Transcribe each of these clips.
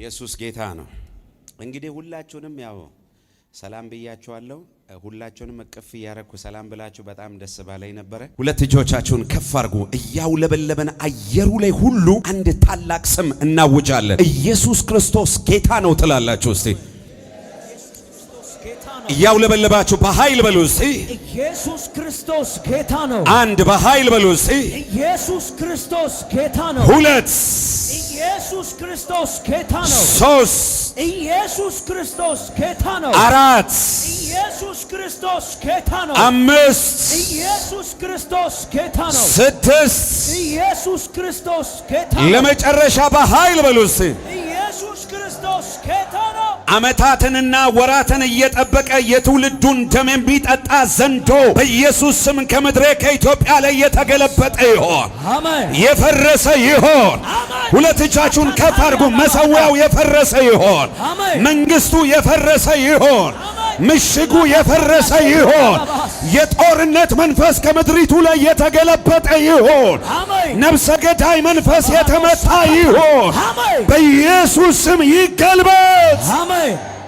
ኢየሱስ ጌታ ነው። እንግዲህ ሁላችሁንም ያው ሰላም ብያችኋለሁ። ሁላችሁንም እቅፍ እያረኩ ሰላም ብላችሁ በጣም ደስ ባለኝ ነበረ። ሁለት እጆቻችሁን ከፍ አድርጉ። እያውለበለበን አየሩ ላይ ሁሉ አንድ ታላቅ ስም እናውጃለን። ኢየሱስ ክርስቶስ ጌታ ነው ትላላችሁ። እስቲ እያውለበለባችሁ በኃይል በሉ እስቲ ኢየሱስ ክርስቶስ ጌታ ነው። አንድ በኃይል በሉ እስቲ ኢየሱስ ክርስቶስ ጌታ ነው። ሁለት ኢየሱስ ክርስቶስ ጌታ ነው። ሶስት ኢየሱስ ክርስቶስ ጌታ ነው። አራት ኢየሱስ ክርስቶስ ጌታ ነው። አምስት ኢየሱስ ክርስቶስ ጌታ ነው። ስድስት ኢየሱስ ክርስቶስ ጌታ ነው። ለመጨረሻ በኃይል ኢየሱስ ክርስቶስ አመታትንና ወራትን እየጠበቀ የትውልዱን ደም የሚጠጣ ዘንዶ በኢየሱስ ስም ከምድሬ ከኢትዮጵያ ላይ የተገለበጠ ይሆን፣ የፈረሰ ይሆን። ሁለት እጃችሁን ከፍ አድርጉ። መሠዊያው የፈረሰ ይሆን፣ መንግስቱ የፈረሰ ይሆን። ምሽጉ የፈረሰ ይሆን። የጦርነት መንፈስ ከምድሪቱ ላይ የተገለበጠ ይሆን። ነብሰ ገዳይ መንፈስ የተመታ ይሆን። በኢየሱስ ስም ይገልበት።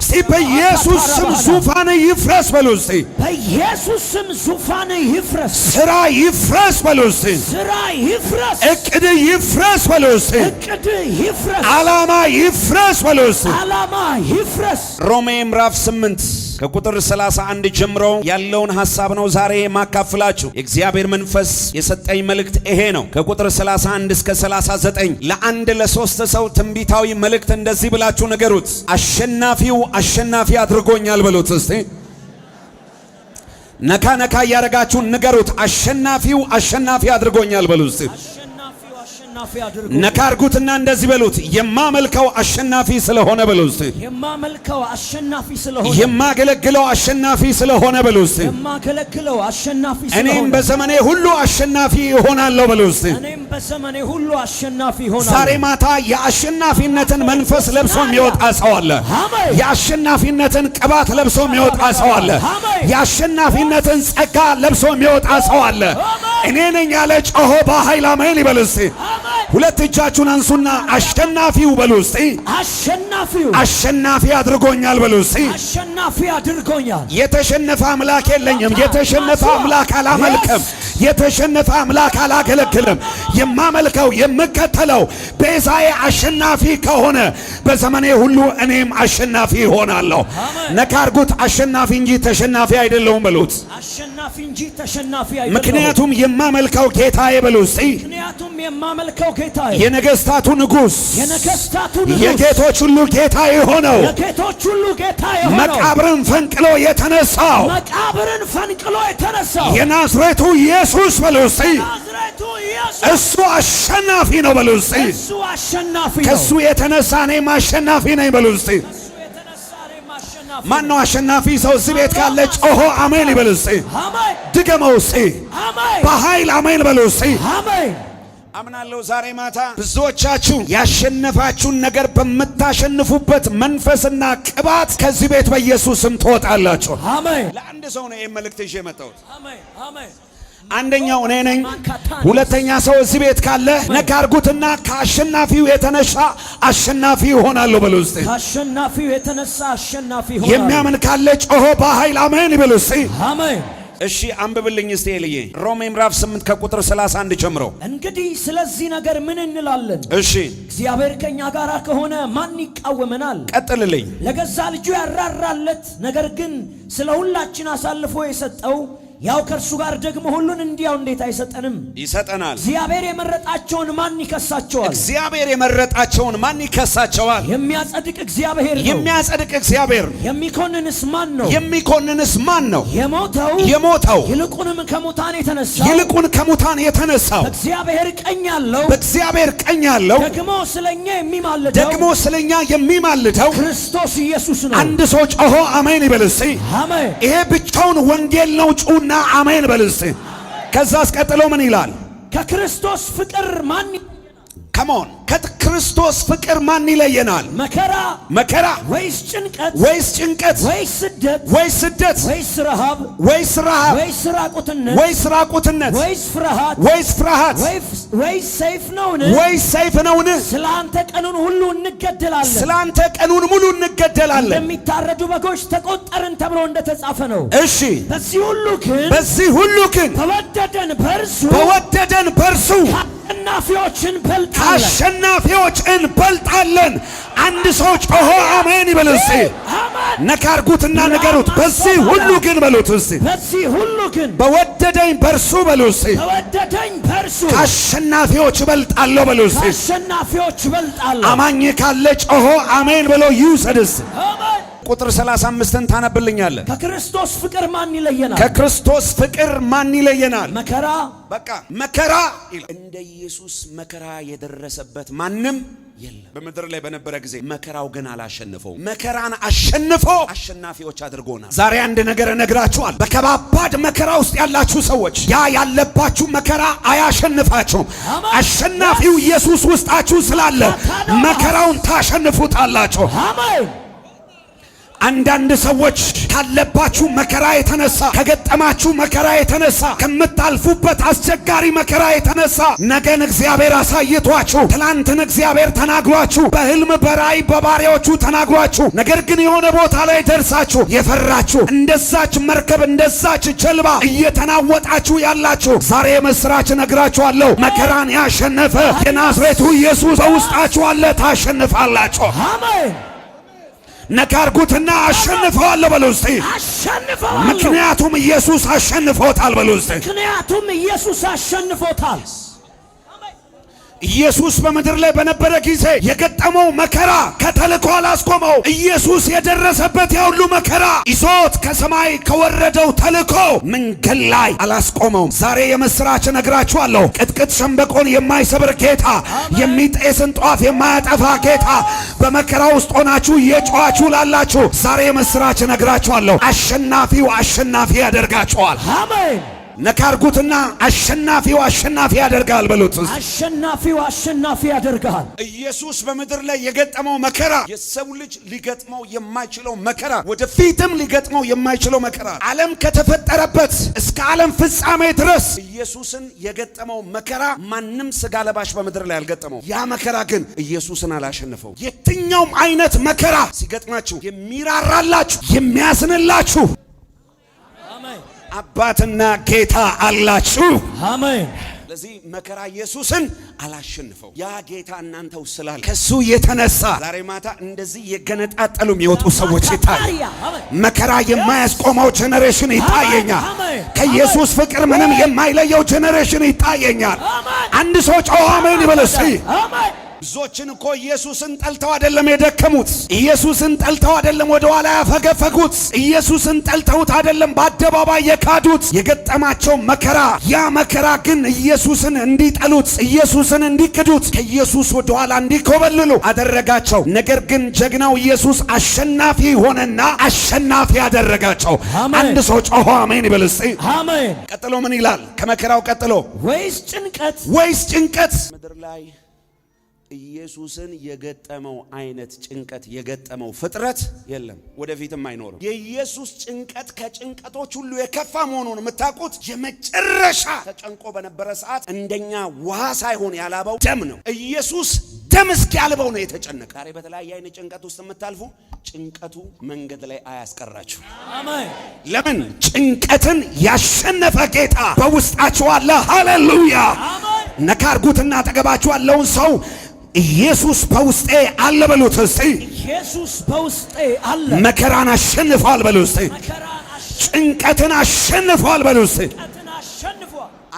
እስቲ በኢየሱስ ስም ዙፋን ይፍረስ በሉ። እስቲ በኢየሱስ ስም ዙፋን ይፍረስ። ስራ ይፍረስ በሉ። እስቲ ስራ ይፍረስ። እቅድ ይፍረስ በሉ። እስቲ እቅድ ይፍረስ። አላማ ይፍረስ በሉ። እስቲ ዓላማ ይፍረስ። ሮሜ ምዕራፍ 8 ከቁጥር 31 ጀምሮ ያለውን ሐሳብ ነው ዛሬ የማካፍላችሁ። የእግዚአብሔር መንፈስ የሰጠኝ መልእክት ይሄ ነው። ከቁጥር 31 እስከ 39 ለአንድ ለሶስት ሰው ትንቢታዊ መልእክት እንደዚህ ብላችሁ ንገሩት። አሸናፊው አሸናፊ አድርጎኛል በሉት እስቲ። ነካ ነካ እያደረጋችሁ ንገሩት። አሸናፊው አሸናፊ አድርጎኛል በሉት እስቲ ነካ አድርጉትና እንደዚህ በሉት፣ የማመልከው አሸናፊ ስለሆነ በሉት የማመልከው አሸናፊ ስለሆነ የማገለግለው አሸናፊ ስለሆነ በሉት የማገለግለው አሸናፊ ስለሆነ እኔም በዘመኔ ሁሉ አሸናፊ እሆናለሁ በሉት እኔም በዘመኔ ሁሉ አሸናፊ እሆናለሁ። ዛሬ ማታ የአሸናፊነትን መንፈስ ለብሶ የሚወጣ ሰው አለ። የአሸናፊነትን ቅባት ለብሶ የሚወጣ ሰው አለ። የአሸናፊነትን ጸጋ ለብሶ የሚወጣ ሰው አለ። እኔ ነኝ ያለ ጮሆ በኃይል አሜን ይበል እስቲ። ሁለት እጃችሁን አንሱና አሸናፊው በሉ እስቲ። አሸናፊው አሸናፊ አድርጎኛል በሉ እስቲ። አሸናፊ አድርጎኛል። የተሸነፈ አምላክ የለኝም። የተሸነፈ አምላክ አላመልክም። የተሸነፈ አምላክ አላገለግልም። የማመልከው የምከተለው ቤዛዬ አሸናፊ ከሆነ በዘመኔ ሁሉ እኔም አሸናፊ ይሆናለሁ። ነካርጉት አሸናፊ እንጂ ተሸናፊ አይደለሁም በሉት። ምክንያቱም የማመልከው ጌታ ይበሉ እስቲ። ምክንያቱም የማመልከው ጌታዬ የነገስታቱ ንጉስ የነገስታቱ ንጉስ የጌቶች ሁሉ ጌታ የሆነው የጌቶች ሁሉ ጌታ የሆነው መቃብርን ፈንቅሎ የተነሳው መቃብርን ፈንቅሎ የተነሳው የናዝሬቱ ኢየሱስ በሉ እስቲ። እሱ አሸናፊ ነው በሉ እስቲ። እሱ አሸናፊ ነው። ከሱ የተነሳ እኔም አሸናፊ ነኝ በሉ እስቲ። ማን ነው አሸናፊ ሰው እዚህ ቤት ካለ ጮሆ አሜን ይበል እስቲ፣ ድገመው እስቲ፣ በኃይል አሜን በሉ እስቲ። አምናለሁ ዛሬ ማታ ብዙዎቻችሁ ያሸነፋችሁን ነገር በምታሸንፉበት መንፈስና ቅባት ከዚህ ቤት በኢየሱስም ትወጣላችሁ። ለአንድ ሰው ነው ይሄን መልእክት ይዤ መጣሁት። አንደኛው እኔ ነኝ። ሁለተኛ ሰው እዚህ ቤት ካለ ነካርጉትና አርጉትና ከአሸናፊው የተነሳ አሸናፊ ይሆናለሁ ብሎ እስቲ ከአሸናፊው የተነሳ አሸናፊ ይሆናል። የሚያምን ካለ ጮሆ በኃይል አሜን ብሎ እስቲ አሜን። እሺ አንብብልኝ እስቲ ኤልዬ፣ ሮሜ ምዕራፍ 8 ከቁጥር 31 ጀምሮ። እንግዲህ ስለዚህ ነገር ምን እንላለን? እሺ እግዚአብሔር ከኛ ጋር ከሆነ ማን ይቃወመናል? ቀጥልልኝ። ለገዛ ልጁ ያራራለት ነገር ግን ስለ ሁላችን አሳልፎ የሰጠው ያው ከእርሱ ጋር ደግሞ ሁሉን እንዲያው እንዴት አይሰጠንም? ይሰጠናል። እግዚአብሔር የመረጣቸውን ማን ይከሳቸዋል? እግዚአብሔር የመረጣቸውን ማን ይከሳቸዋል? የሚያጸድቅ እግዚአብሔር ነው። የሚያጸድቅ እግዚአብሔር የሚኮንንስ ማን ነው? የሚኮንንስ ማን ነው? የሞተው የሞተው ይልቁንም ከሙታን የተነሳ ይልቁን ከሙታን የተነሳው በእግዚአብሔር ቀኝ ያለው በእግዚአብሔር ቀኝ ያለው ደግሞ ስለኛ የሚማልደው ደግሞ ስለኛ የሚማልደው ክርስቶስ ኢየሱስ ነው። አንድ ሰው ጮሆ አሜን ይበልስ። አሜን። ይሄ ብቻውን ወንጌል ነው ጩ እና አሜን በልስ። ከዛ አስቀጥሎ ምን ይላል? ከክርስቶስ ፍቅር ማን ከመሆን ከክርስቶስ ፍቅር ማን ይለየናል? መከራ መከራ ወይስ ጭንቀት ወይስ ጭንቀት ወይስ ስደት ወይስ ስደት ወይስ ረሃብ ወይስ ረሃብ ወይስ ራቁትነት ወይስ ራቁትነት ወይስ ፍርሃት ወይስ ፍርሃት ወይስ ሰይፍ ነውን ወይስ ሰይፍ ነውን? ስላንተ ቀኑን ሁሉ እንገደላለን፣ ስላንተ ቀኑን ሙሉ እንገደላለን። እንደሚታረዱ በጎች ተቆጠርን ተብሎ እንደተጻፈ ነው። እሺ በዚህ ሁሉ ግን በዚህ ሁሉ ግን ተወደደን በርሱ ተወደደን በርሱ አሸናፊዎች እንበልጣለን። አንድ ሰው ጮሆ አሜን ይበል እስቲ። ነካርጉትና ንገሩት። በዚህ ሁሉ ግን በሉት እስቲ፣ ሁሉ ግን በወደደኝ በርሱ በሉ እስቲ፣ በወደደኝ በርሱ ከአሸናፊዎች እበልጣለሁ በሉ እስቲ። አማኝ ካለ ጮሆ አሜን ብሎ ይውሰድ እስቲ ቁጥር 35ን ታነብልኛለህ። ከክርስቶስ ፍቅር ማን ይለየናል? ከክርስቶስ ፍቅር ማን ይለየናል? መከራ በቃ መከራ ይላል። እንደ ኢየሱስ መከራ የደረሰበት ማንም የለም። በምድር ላይ በነበረ ጊዜ መከራው ግን አላሸንፈው። መከራን አሸንፎ አሸናፊዎች አድርጎናል። ዛሬ አንድ ነገር እነግራችኋል። በከባባድ መከራ ውስጥ ያላችሁ ሰዎች ያ ያለባችሁ መከራ አያሸንፋችሁም። አሸናፊው ኢየሱስ ውስጣችሁ ስላለ መከራውን ታሸንፉታላችሁ። አሜን። አንዳንድ ሰዎች ካለባችሁ መከራ የተነሳ ከገጠማችሁ መከራ የተነሳ ከምታልፉበት አስቸጋሪ መከራ የተነሳ ነገን እግዚአብሔር አሳይቷችሁ ትላንትን እግዚአብሔር ተናግሯችሁ በህልም በራእይ በባሪያዎቹ ተናግሯችሁ ነገር ግን የሆነ ቦታ ላይ ደርሳችሁ የፈራችሁ እንደዛች መርከብ እንደዛች ጀልባ እየተናወጣችሁ ያላችሁ ዛሬ የምስራች ነግራችኋለሁ። መከራን ያሸነፈ የናዝሬቱ ኢየሱስ በውስጣችሁ አለ። ታሸንፋላችሁ። አሜን። ነካርጉትና አሸንፈዋለሁ በሉ እስቲ። ምክንያቱም ኢየሱስ አሸንፎታል በሉ እስቲ። ምክንያቱም ኢየሱስ አሸንፎታል። ኢየሱስ በምድር ላይ በነበረ ጊዜ የገጠመው መከራ ከተልእኮ አላስቆመው። ኢየሱስ የደረሰበት ያሁሉ መከራ ይዞት ከሰማይ ከወረደው ተልእኮ መንገድ ላይ አላስቆመውም። ዛሬ የምሥራች እነግራችኋለሁ። ቅጥቅጥ ሸምበቆን የማይሰብር ጌታ፣ የሚጤስን ጧፍ የማያጠፋ ጌታ፣ በመከራ ውስጥ ሆናችሁ እየጮኻችሁ ላላችሁ ዛሬ የምሥራች እነግራችኋለሁ። አሸናፊው አሸናፊ ያደርጋችኋል። አሜን። ነካርጉትና አሸናፊው አሸናፊ ያደርጋል በሉት። አሸናፊው አሸናፊ ያደርጋል። ኢየሱስ በምድር ላይ የገጠመው መከራ የሰው ልጅ ሊገጥመው የማይችለው መከራ፣ ወደፊትም ሊገጥመው የማይችለው መከራ ዓለም ከተፈጠረበት እስከ ዓለም ፍጻሜ ድረስ ኢየሱስን የገጠመው መከራ ማንም ስጋ ለባሽ በምድር ላይ አልገጠመው። ያ መከራ ግን ኢየሱስን አላሸነፈው። የትኛውም አይነት መከራ ሲገጥማችሁ የሚራራላችሁ የሚያዝንላችሁ አባትና ጌታ አላችሁ። አሜን። ለዚህ መከራ ኢየሱስን አላሸንፈው። ያ ጌታ እናንተ ውስላል ከሱ የተነሳ ዛሬ ማታ እንደዚህ የገነጣጠሉ የሚወጡ ሰዎች ይታያል። መከራ የማያስቆመው ጀኔሬሽን ይታየኛል። ከኢየሱስ ፍቅር ምንም የማይለየው ጀኔሬሽን ይታየኛል። አንድ ሰው ጮኸ አሜን ይበል እስቲ። ብዙዎችን እኮ ኢየሱስን ጠልተው አይደለም የደከሙት። ኢየሱስን ጠልተው አይደለም ወደ ኋላ ያፈገፈጉት። ኢየሱስን ጠልተውት አይደለም በአደባባይ የካዱት። የገጠማቸው መከራ፣ ያ መከራ ግን ኢየሱስን እንዲጠሉት፣ ኢየሱስን እንዲክዱት፣ ከኢየሱስ ወደ ኋላ እንዲኮበልሉ አደረጋቸው። ነገር ግን ጀግናው ኢየሱስ አሸናፊ ሆነና አሸናፊ አደረጋቸው። አንድ ሰው ጮሆ አሜን ይበል እስቲ። ቀጥሎ ምን ይላል? ከመከራው ቀጥሎ ወይስ ጭንቀት ወይስ ጭንቀት ምድር ላይ ኢየሱስን የገጠመው አይነት ጭንቀት የገጠመው ፍጥረት የለም፣ ወደፊትም አይኖርም። የኢየሱስ ጭንቀት ከጭንቀቶች ሁሉ የከፋ መሆኑን የምታውቁት የመጨረሻ ተጨንቆ በነበረ ሰዓት እንደኛ ውሃ ሳይሆን ያላበው ደም ነው። ኢየሱስ ደም እስኪያልበው ነው የተጨነቀ። ዛሬ በተለያየ አይነት ጭንቀት ውስጥ የምታልፉ ጭንቀቱ መንገድ ላይ አያስቀራችሁ። ለምን ጭንቀትን ያሸነፈ ጌታ በውስጣችሁ አለ። ሃሌሉያ! ነካርጉትና አጠገባችሁ ያለውን ሰው ኢየሱስ በውስጤ አለ በሉት እስቲ። ኢየሱስ በውስጤ አለ። መከራን አሸንፏል በሉ እስቲ። ጭንቀትን አሸንፏል በሉ እስቲ።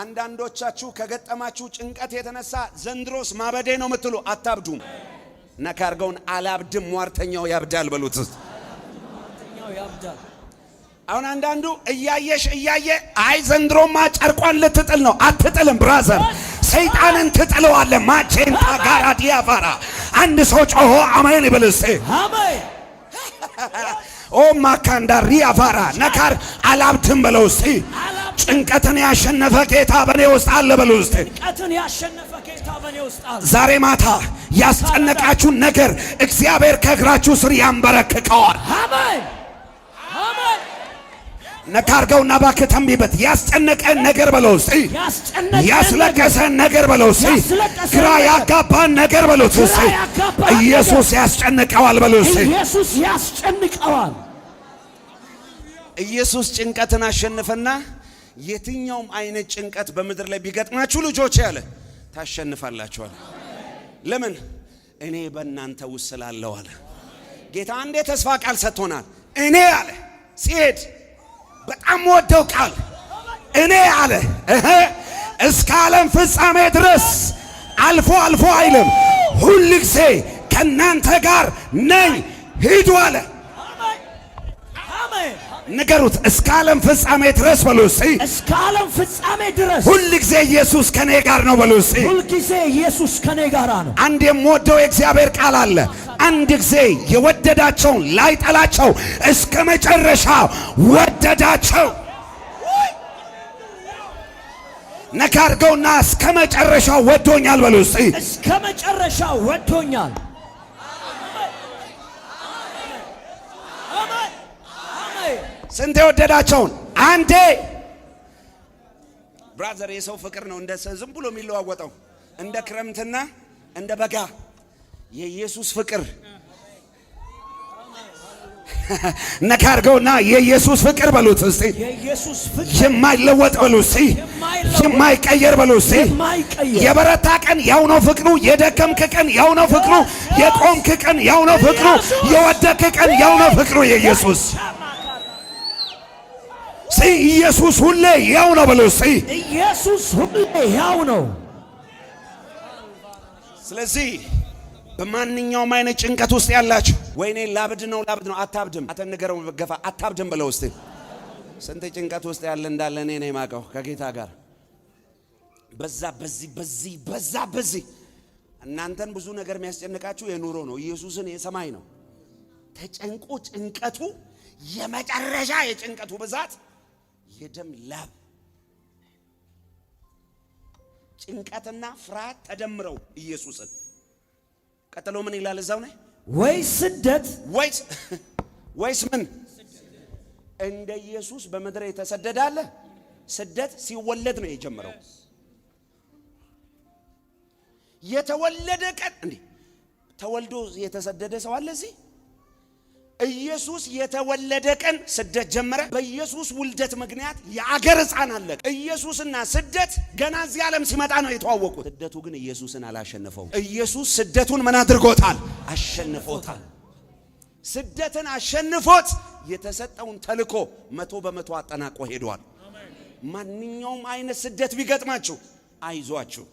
አንዳንዶቻችሁ ከገጠማችሁ ጭንቀት የተነሳ ዘንድሮስ ማበዴ ነው የምትሉ አታብዱም። ነካ አድርገውን አላብድም፣ ሟርተኛው ያብዳል በሉት አሁን አንዳንዱ እያየሽ እያየ አይ ዘንድሮማ ጨርቋን ልትጥል ነው። አትጥልም ብራዘር ሰይጣንን ትጥለዋለ። ማቼንታ ጋራ ዲያፋራ አንድ ሰው ጮሆ አሜን ይበልስ። ኦ ማካንዳ ሪያፋራ ነካር አላብትን በለው እስቲ። ጭንቀትን ያሸነፈ ጌታ በእኔ ውስጥ አለ በሉ እስቲ። ዛሬ ማታ ያስጨነቃችሁን ነገር እግዚአብሔር ከእግራችሁ ስር ያንበረክከዋል። አሜን ነካርገውና እባክህ ተንቢበት ያስጨነቀን ነገር በለው እስቲ፣ ያስለቀሰን ነገር በለው እስቲ፣ ግራ ያጋባን ነገር በለው እስቲ። ኢየሱስ ያስጨንቀዋል በለው እስቲ። ኢየሱስ ያስጨንቀዋል። ኢየሱስ ጭንቀትን አሸንፈና የትኛውም አይነት ጭንቀት በምድር ላይ ቢገጥማችሁ ልጆች ያለ ታሸንፋላችኋል። ለምን እኔ በእናንተ ውስጥ ስላለሁ አለ ጌታ። አንዴ ተስፋ ቃል ሰጥቶናል። እኔ አለ ሲሄድ በጣም ወደው ቃል እኔ አለ እስከ ዓለም ፍጻሜ ድረስ አልፎ አልፎ አይልም፣ ሁል ጊዜ ከእናንተ ጋር ነኝ። ሂዱ አለ። ንገሩት እስከ ዓለም ፍጻሜ ድረስ በሉ እስቲ። እስከ ዓለም ፍጻሜ ድረስ ሁል ኢየሱስ ከኔ ጋር ነው በሉ እስቲ። ሁል ኢየሱስ ከኔ ጋር ነው። አንድ የምወደው የእግዚአብሔር ቃል አለ። አንድ ጊዜ የወደዳቸውን ላይጠላቸው እስከ መጨረሻ ወደዳቸው። ነካ እስከ መጨረሻው ወዶኛል በሉ እስቲ። እስከ መጨረሻው ወዶኛል። ስንት የወደዳቸውን አንዴ። ብራዘር የሰው ፍቅር ነው እንደ ዝም ብሎ የሚለዋወጠው እንደ ክረምትና እንደ በጋ የኢየሱስ ፍቅር ነካ አድርገውና የኢየሱስ ፍቅር በሉት እስቲ፣ የማይለወጥ በሉት እስቲ፣ የማይቀየር በሉት እስቲ። የበረታ ቀን ያው ነው ፍቅሩ፣ የደከምክ ቀን ያው ነው ፍቅሩ፣ የቆምክ ቀን ያው ነው ፍቅሩ፣ የወደክ ቀን ያው ነው ፍቅሩ የኢየሱስ ኢየሱስ ሁሌ ያው ነው ብለው እስቲ ኢየሱስ ሁሌ ያው ነው። ስለዚህ በማንኛውም አይነት ጭንቀት ውስጥ ያላችሁ ወይኔ ላብድ ነው ላብድ ነው አታብድም፣ አተነገረው ገፋ አታብድም ብለው እስቲ ስንት ጭንቀት ውስጥ ያለ እንዳለ እኔ ነኝ የማውቀው ከጌታ ጋር በዛ በዚህ በዚህ በዛ በዚህ እናንተን ብዙ ነገር የሚያስጨንቃችሁ የኑሮ ነው። ኢየሱስን የሰማይ ነው። ተጨንቆ ጭንቀቱ የመጨረሻ የጭንቀቱ ብዛት የደም ላብ ጭንቀትና ፍርሃት ተደምረው ኢየሱስን ቀጥሎ ምን ይላል? እዛው ነ? ወይ ስደት ወይስ ወይስ ምን እንደ ኢየሱስ በምድር አለ? ስደት ሲወለድ ነው የጀመረው። የተወለደ ቀን እንዴ ተወልዶ የተሰደደ ሰው አለ እዚህ ኢየሱስ የተወለደ ቀን ስደት ጀመረ። በኢየሱስ ውልደት ምክንያት የአገር ሕፃን አለቀ። ኢየሱስና ስደት ገና እዚህ ዓለም ሲመጣ ነው የተዋወቁት። ስደቱ ግን ኢየሱስን አላሸነፈው። ኢየሱስ ስደቱን ምን አድርጎታል? አሸንፎታል። ስደትን አሸንፎት የተሰጠውን ተልኮ መቶ በመቶ አጠናቆ ሄዷል። ማንኛውም አይነት ስደት ቢገጥማችሁ አይዟችሁ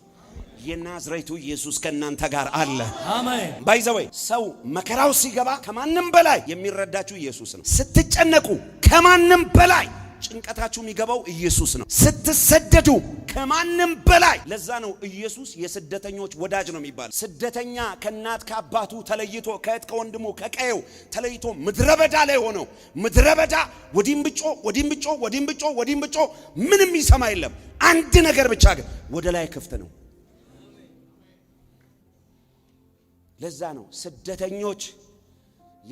የናዝሬቱ ኢየሱስ ከእናንተ ጋር አለ። አሜን። ባይዘወይ ሰው መከራው ሲገባ ከማንም በላይ የሚረዳችሁ ኢየሱስ ነው። ስትጨነቁ ከማንም በላይ ጭንቀታችሁ የሚገባው ኢየሱስ ነው። ስትሰደዱ ከማንም በላይ ለዛ ነው ኢየሱስ የስደተኞች ወዳጅ ነው የሚባል። ስደተኛ ከእናት ከአባቱ ተለይቶ ከእህት ከወንድሙ ከቀየው ተለይቶ ምድረ በዳ ላይ ሆነው ምድረ በዳ ወዲም ብጮ ወዲም ብጮ ወዲም ብጮ ወዲም ብጮ ምንም ይሰማ የለም። አንድ ነገር ብቻ ግን ወደ ላይ ክፍት ነው። ለዛ ነው ስደተኞች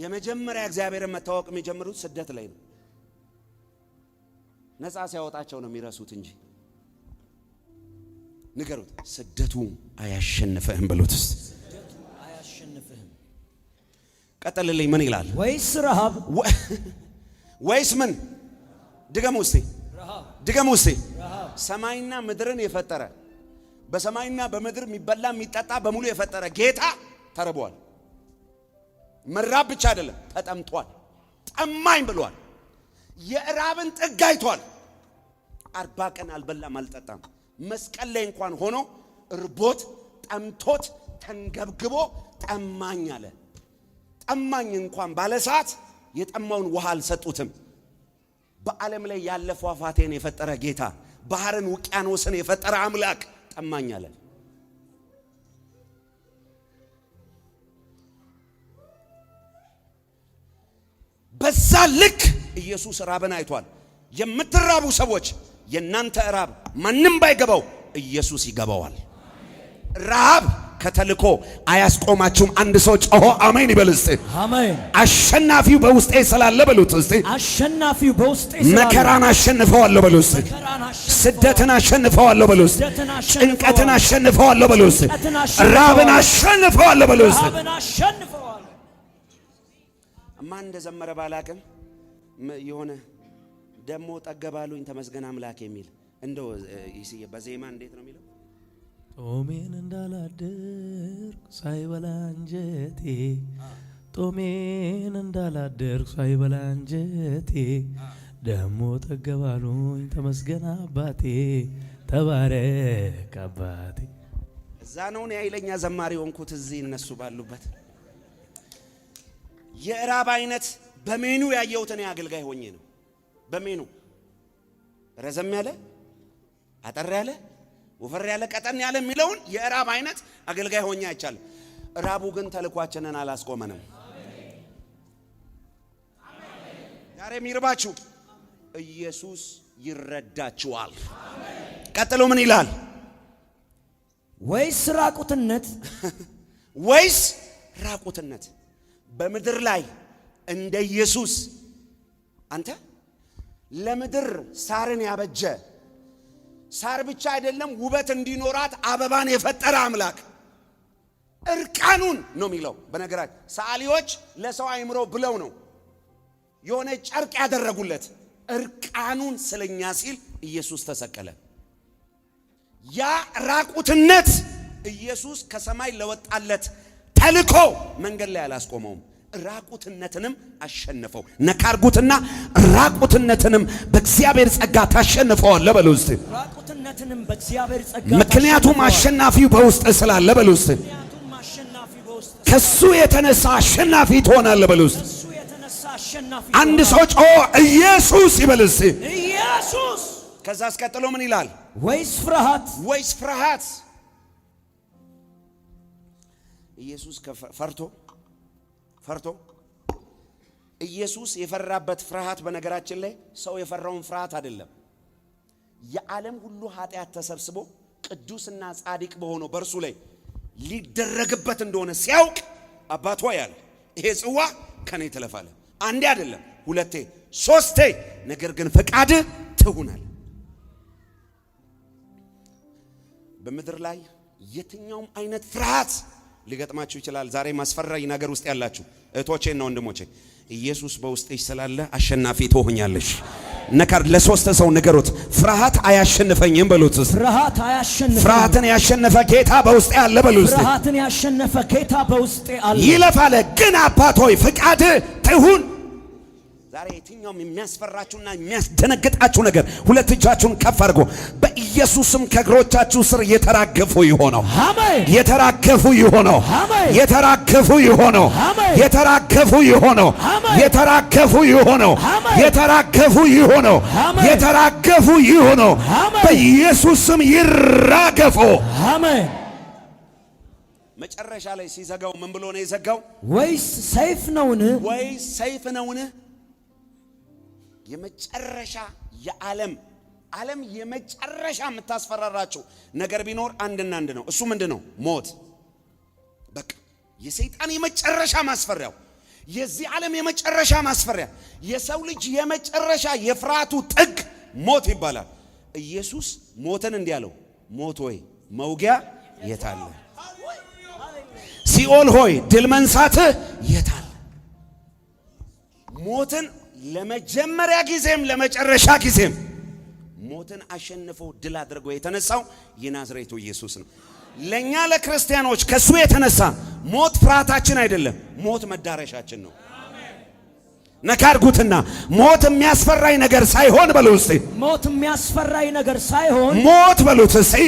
የመጀመሪያ እግዚአብሔርን መታወቅ የሚጀምሩት ስደት ላይ ነው። ነፃ ሲያወጣቸው ነው የሚረሱት እንጂ ንገሩት፣ ስደቱ አያሸንፍህም ብሉት። ቀጠልልኝ። ምን ይላል? ወይስ ረሃብ ወይስ ምን? ድገም እስቲ፣ ድገም እስቲ። ሰማይና ምድርን የፈጠረ በሰማይና በምድር የሚበላ የሚጠጣ በሙሉ የፈጠረ ጌታ ተርቧል። መራብ ብቻ አይደለም ተጠምጧል፣ ጠማኝ ብሏል። የእራብን ጥግ አይቷል። አርባ ቀን አልበላም አልጠጣም። መስቀል ላይ እንኳን ሆኖ እርቦት ጠምቶት ተንገብግቦ ጠማኝ አለ። ጠማኝ እንኳን ባለ ሰዓት የጠማውን ውሃ አልሰጡትም። በዓለም ላይ ያለ ፏፏቴን የፈጠረ ጌታ፣ ባህርን ውቅያኖስን የፈጠረ አምላክ ጠማኝ አለ። በዛ ልክ ኢየሱስ ራብን አይቷል። የምትራቡ ሰዎች የእናንተ ራብ ማንም ባይገባው ኢየሱስ ይገባዋል። ራብ ከተልኮ አያስቆማችሁም። አንድ ሰው ጮሆ አሜን ይበል እስቲ። አሜን። አሸናፊው በውስጤ ስላለ በሉት እስቲ። አሸናፊው በውስጤ ስላለ መከራን አሸንፈዋለሁ በሉት እስቲ። ስደትን አሸንፈዋለሁ በሉት እስቲ። ጭንቀትን አሸንፈዋለሁ በሉት እስቲ። ራብን አሸንፈዋለሁ በሉት እስቲ። ማን እንደዘመረ ባላቅም የሆነ ደሞ ጠገባሉኝ ተመስገን አምላክ የሚል እንደው ይስዬ በዜማ እንዴት ነው የሚለው? ጦሜን እንዳላደርኩ ሳይበላ አንጀቴ ጦሜን እንዳላደርኩ ሳይበላ አንጀቴ ደሞ ጠገባሉኝ ተመስገን አባቴ ተባረክ አባቴ። እዛ ነው እኔ ዘማሪ ሆንኩት እዚህ እነሱ ባሉበት የእራብ አይነት በሜኑ ያየሁት እኔ አገልጋይ ሆኜ ነው። በሜኑ ረዘም ያለ አጠር ያለ ወፈር ያለ ቀጠን ያለ የሚለውን የእራብ አይነት አገልጋይ ሆኜ አይቻል። እራቡ ግን ተልኳችንን አላስቆመንም። ዛሬ የሚርባችሁ ኢየሱስ ይረዳችኋል። ቀጥሎ ምን ይላል? ወይስ ራቁትነት ወይስ ራቁትነት በምድር ላይ እንደ ኢየሱስ አንተ ለምድር ሳርን ያበጀ ሳር ብቻ አይደለም ውበት እንዲኖራት አበባን የፈጠረ አምላክ እርቃኑን ነው የሚለው። በነገራች ሰዓሊዎች ለሰው አይምሮ ብለው ነው የሆነ ጨርቅ ያደረጉለት። እርቃኑን ስለኛ ሲል ኢየሱስ ተሰቀለ። ያ ራቁትነት ኢየሱስ ከሰማይ ለወጣለት ተልኮ መንገድ ላይ አላስቆመውም። ራቁትነትንም አሸነፈው። ነካርጉትና ራቁትነትንም በእግዚአብሔር ጸጋ ታሸንፈዋል። በሉ ውስጥ ራቁትነትንም በእግዚአብሔር ጸጋ ምክንያቱም አሸናፊው በውስጥ ስላለ። በሉ ውስጥ ከሱ የተነሳ አሸናፊ ትሆናለህ። በሉ ውስጥ አንድ ሰው ጮ ኢየሱስ ይበል እስቲ ኢየሱስ። ከዛ አስቀጥሎ ምን ይላል? ወይስ ፍርሃት ወይስ ፍርሃት ኢየሱስ ፈርቶ ፈርቶ ኢየሱስ የፈራበት ፍርሃት፣ በነገራችን ላይ ሰው የፈራውን ፍርሃት አይደለም። የዓለም ሁሉ ኃጢአት ተሰብስቦ ቅዱስና ጻድቅ በሆነው በእርሱ ላይ ሊደረግበት እንደሆነ ሲያውቅ አባቷ ያለ ይሄ ጽዋ ከኔ ተለፋለ። አንዴ አይደለም ሁለቴ ሶስቴ፣ ነገር ግን ፈቃድ ትሁናል። በምድር ላይ የትኛውም አይነት ፍርሃት ሊገጥማችሁ ይችላል። ዛሬ ማስፈራኝ ነገር ውስጥ ያላችሁ ነው ወንድሞቼ ኢየሱስ በውስጥሽ ስላለ አሸናፊ ትሆኛለሽ። ነካር ለሶስት ሰው ንገሩት፣ ፍርሃት አያሸንፈኝም በሉት። ፍርሃት አያሸንፈኝ፣ ፍርሃትን ያሸነፈ ጌታ በውስጤ አለ በሉት። ፍርሃትን ያሸነፈ ጌታ በውስጤ አለ። ይለፋለ ግን አባቶይ ፍቃድ ትሁን ዛሬ የትኛውም የሚያስፈራችሁና የሚያስደነግጣችሁ ነገር ሁለት እጃችሁን ከፍ አድርጎ በኢየሱስም ከእግሮቻችሁ ስር የተራገፉ ይሆነው፣ የተራገፉ ይሆነው፣ የተራገፉ ይሆነው፣ የተራገፉ ይሆነው፣ የተራገፉ ይሆነው፣ የተራገፉ ይሆነው፣ የተራገፉ ይሆነው፣ በኢየሱስም ይራገፉ። መጨረሻ ላይ ሲዘጋው ምን ብሎ ነው የዘጋው? ወይስ ሰይፍ ነውን? ወይስ ሰይፍ ነውን? የመጨረሻ የዓለም ዓለም የመጨረሻ የምታስፈራራቸው ነገር ቢኖር አንድና አንድ ነው። እሱ ምንድን ነው? ሞት። በቃ የሰይጣን የመጨረሻ ማስፈሪያው፣ የዚህ ዓለም የመጨረሻ ማስፈሪያ፣ የሰው ልጅ የመጨረሻ የፍርሃቱ ጥግ ሞት ይባላል። ኢየሱስ ሞትን እንዲህ አለው፣ ሞት ሆይ መውጊያ የታለ? ሲኦል ሆይ ድል መንሳትህ የታለ? ሞትን ለመጀመሪያ ጊዜም ለመጨረሻ ጊዜም ሞትን አሸንፎ ድል አድርጎ የተነሳው የናዝሬቱ ኢየሱስ ነው። ለእኛ ለክርስቲያኖች ከእሱ የተነሳ ሞት ፍርሃታችን አይደለም፣ ሞት መዳረሻችን ነው። ነካርጉትና ሞት የሚያስፈራኝ ነገር ሳይሆን በሉ እስቲ ሞት የሚያስፈራኝ ነገር ሳይሆን ሞት በሉት እስቲ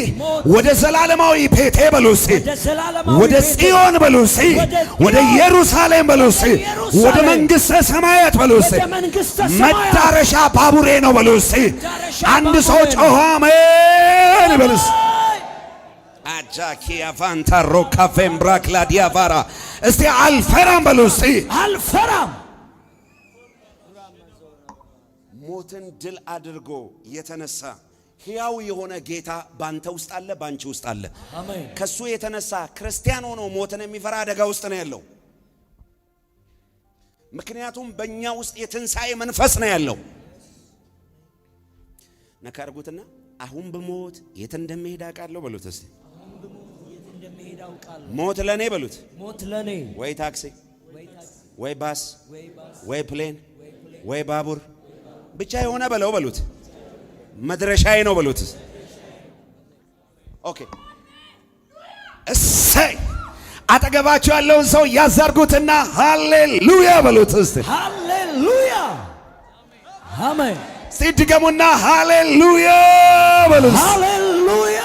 ወደ ዘላለማዊ ቤቴ በሉ እስቲ ወደ ጽዮን በሉ እስቲ ወደ ኢየሩሳሌም በሉ እስቲ ወደ መንግሥተ ሰማያት በሉ እስቲ መዳረሻ ባቡሬ ነው በሉ እስቲ አንድ ሰው ጮሆ አሜን በሉ እስቲ አጃኪ አቫንታ ቫራ እስቲ አልፈራም በሉ እስቲ አልፈራም ሞትን ድል አድርጎ የተነሳ ሕያው የሆነ ጌታ ባንተ ውስጥ አለ፣ ባንቺ ውስጥ አለ። ከሱ የተነሳ ክርስቲያን ሆኖ ሞትን የሚፈራ አደጋ ውስጥ ነው ያለው። ምክንያቱም በእኛ ውስጥ የትንሣኤ መንፈስ ነው ያለው። ነካ አድርጉትና አሁን ብሞት የት እንደምሄድ አውቃለሁ በሉት። እስቲ ሞት ለኔ በሉት። ወይ ታክሲ ወይ ባስ ወይ ፕሌን ወይ ባቡር ብቻ የሆነ በለው በሉት፣ መድረሻዬ ነው በሉት። ኦኬ እሰይ አጠገባቸው ያለውን ሰው ያዛርጉትና ሃሌሉያ በሉት። እስቲ ሃሌሉያ አሜን። እስቲ ድገሙና ሃሌሉያ በሉት። ሃሌሉያ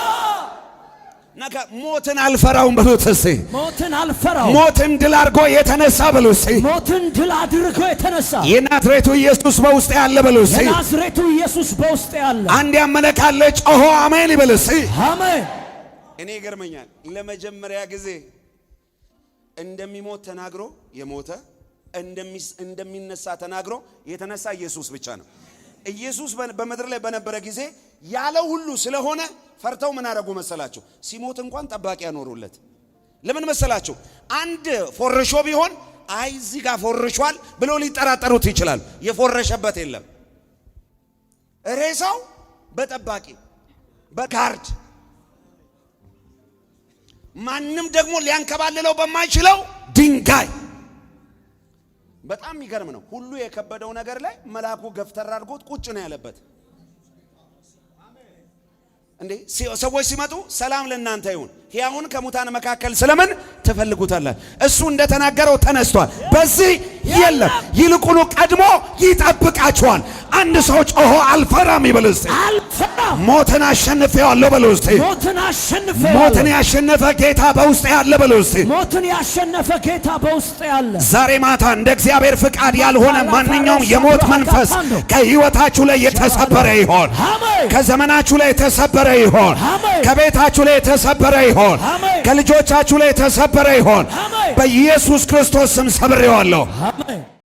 ሞትን አልፈራውም በሉት እስቲ። ሞትን አልፈራውም። ሞትን ድል አድርጎ የተነሳ በሉ እስቲ። ሞትን ድል አድርጎ የተነሳ የናዝሬቱ ኢየሱስ በውስጤ ያለ በሉ እስቲ። የናዝሬቱ ኢየሱስ በውስጤ ያለ አንድ ያመነ ካለ ጮሆ አሜን ይበል እስቲ። አሜን። እኔ ይገርመኛል። ለመጀመሪያ ጊዜ እንደሚሞት ተናግሮ የሞተ እንደሚነሳ ተናግሮ የተነሳ ኢየሱስ ብቻ ነው። ኢየሱስ በምድር ላይ በነበረ ጊዜ ያለው ሁሉ ስለሆነ ፈርተው ምን አደረጉ መሰላቸው? ሲሞት እንኳን ጠባቂ ያኖሩለት። ለምን መሰላቸው? አንድ ፎርሾ ቢሆን አይ እዚህ ጋር ፎርሿል ብሎ ሊጠራጠሩት ይችላል። የፎረሸበት የለም። ሬሳው በጠባቂ በጋርድ ማንም ደግሞ ሊያንከባልለው በማይችለው ድንጋይ በጣም የሚገርም ነው። ሁሉ የከበደው ነገር ላይ መልአኩ ገፍተር አድርጎት ቁጭ ነው ያለበት። እንዴ ሰዎች ሲመጡ ሰላም ለእናንተ ይሁን፣ ሕያውን ከሙታን መካከል ስለምን ትፈልጉታላችሁ? እሱ እንደተናገረው ተነስቷል። በዚህ የለም። ይልቁኑ ቀድሞ ይጠብቃችኋል። አንድ ሰው ጮሆ አልፈራም ይበል እስቲ። ሞትን አሸንፌዋለሁ በል እስቲ። ሞትን ያሸነፈ ጌታ በውስጤ ያለ በል እስቲ። ዛሬ ማታ እንደ እግዚአብሔር ፍቃድ ያልሆነ ማንኛውም የሞት መንፈስ ከህይወታችሁ ላይ የተሰበረ ይሆን፣ ከዘመናችሁ ላይ የተሰበረ ይሆን፣ ከቤታችሁ ላይ የተሰበረ ይሆን፣ ከልጆቻችሁ ላይ የተሰበረ ይሆን። በኢየሱስ ክርስቶስ ስም ሰብሬዋለሁ። নয়